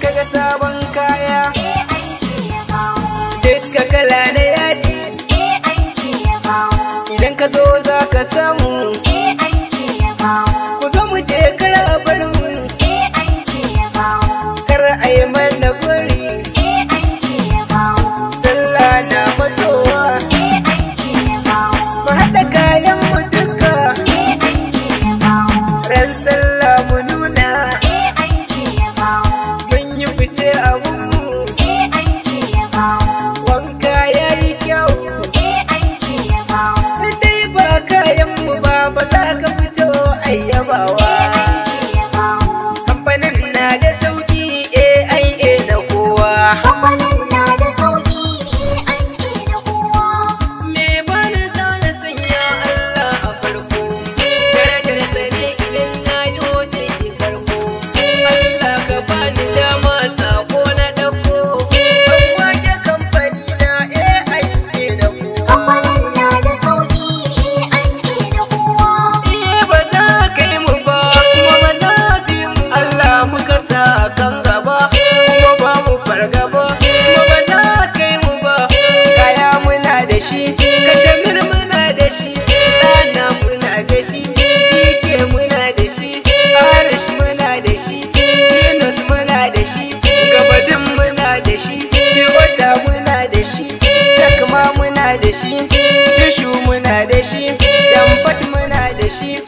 kaga sabon kaya duka kala na yaji idan ka zo za ka samu ku zo mu je kara barin kar a yi mana Bishu muna da shi, Jamfat muna da shi,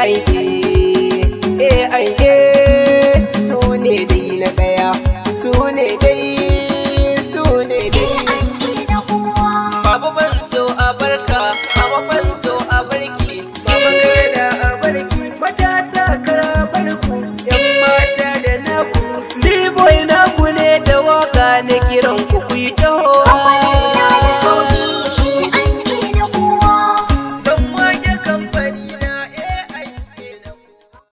aiki